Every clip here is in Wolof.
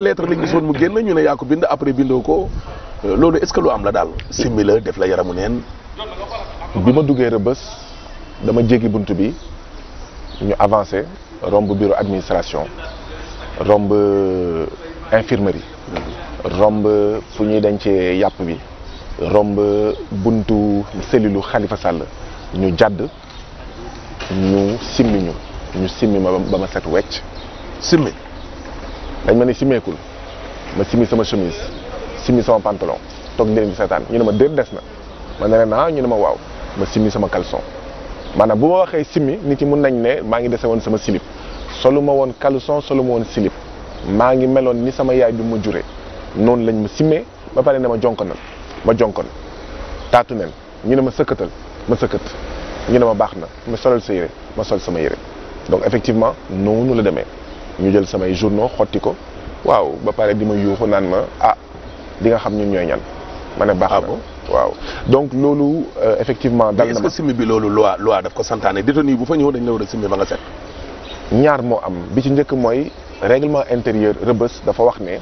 lettre lañ gisoon mu génn ñu ne yaa ko bind après bindoo ko euh, loolu est-ce que lu am la daal simmi la def la yaramu neen bi ma duggee rëbës dama jéggi bunt bi ñu avancé romb bureau administration romb euh, infirmerie romb fu ñuy dencee yàpp bi romb buntu cellule Khalifa Sall ñu jàdd ñu simmi ñu simmi ba ma set wecc simmi dañ ma ne simmeekul ma simi sama chemise simi sama pantalon toog di leen di seetaan ñu ne ma déet des na ma ne leen ah ñu ne ma waaw ma simi sama caleçon maanaam bu ma waxee simi nit yi mun nañ ne maa ngi dese woon sama silip solu ma woon caleçon solu ma woon silip maa ngi meloon ni sama yaay bi mu ma juree noonu lañ ma simmee ba pare ne ma jonkonal ma jonkon taatu neen ñu ne ma sëkkatal ma sëkkat ñu ne ma baax na ma solal sa yére ma sol sama yére donc effectivement noonu la demee ñu jël samay journaux xotti ko waaw ba pare di ma yuuxu naan ma ah di nga xam ñun ñooy ñan ma ne baax na ah waaw donc loolu euh, effectivement dal na ma est-ce bi loolu loi loi daf ko santaane détenu bu fa ñëw dañ la war a simi ba nga set ñaar moo am bi ci njëkk mooy règlement intérieur rëbës dafa wax ne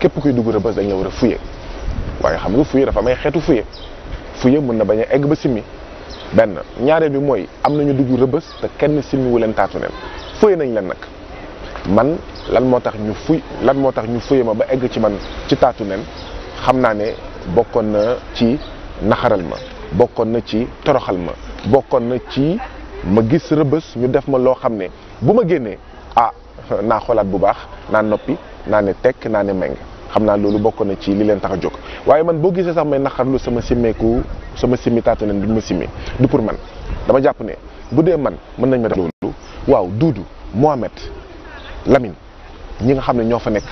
képp kuy dugg rëbës dañ la war a fuye waaye xam nga fuye dafa may ay xeetu fuye fuye mën na bañ a egg ba simmi benn ñaareel bi mooy am nañu dugg rëbës te kenn simmi wu leen taatu neen fuye nañ leen nag man lan moo tax ñu fuy lan moo tax ñu fuye ma ba egg ci man ci taatu nen xam naa ne bokkoon na ci naxaral ma bokkoon na ci toroxal ma bokkoon na ci ma gis rëbës ñu def ma loo xam ne bu ma génnee ah naa xoolaat bu baax naa noppi naa ne tekk naa ne meng xam naa loolu bokk na ci li leen tax a jóg waaye man boo gisee sax may naqarlu sama simmeeku sama simmi taatu nen bi ma simmi du pour man dama jàpp ne bu dee man mën nañ ma def loolu waaw Duudu Mohamed Lamine ñi nga xam ne ñoo fa nekk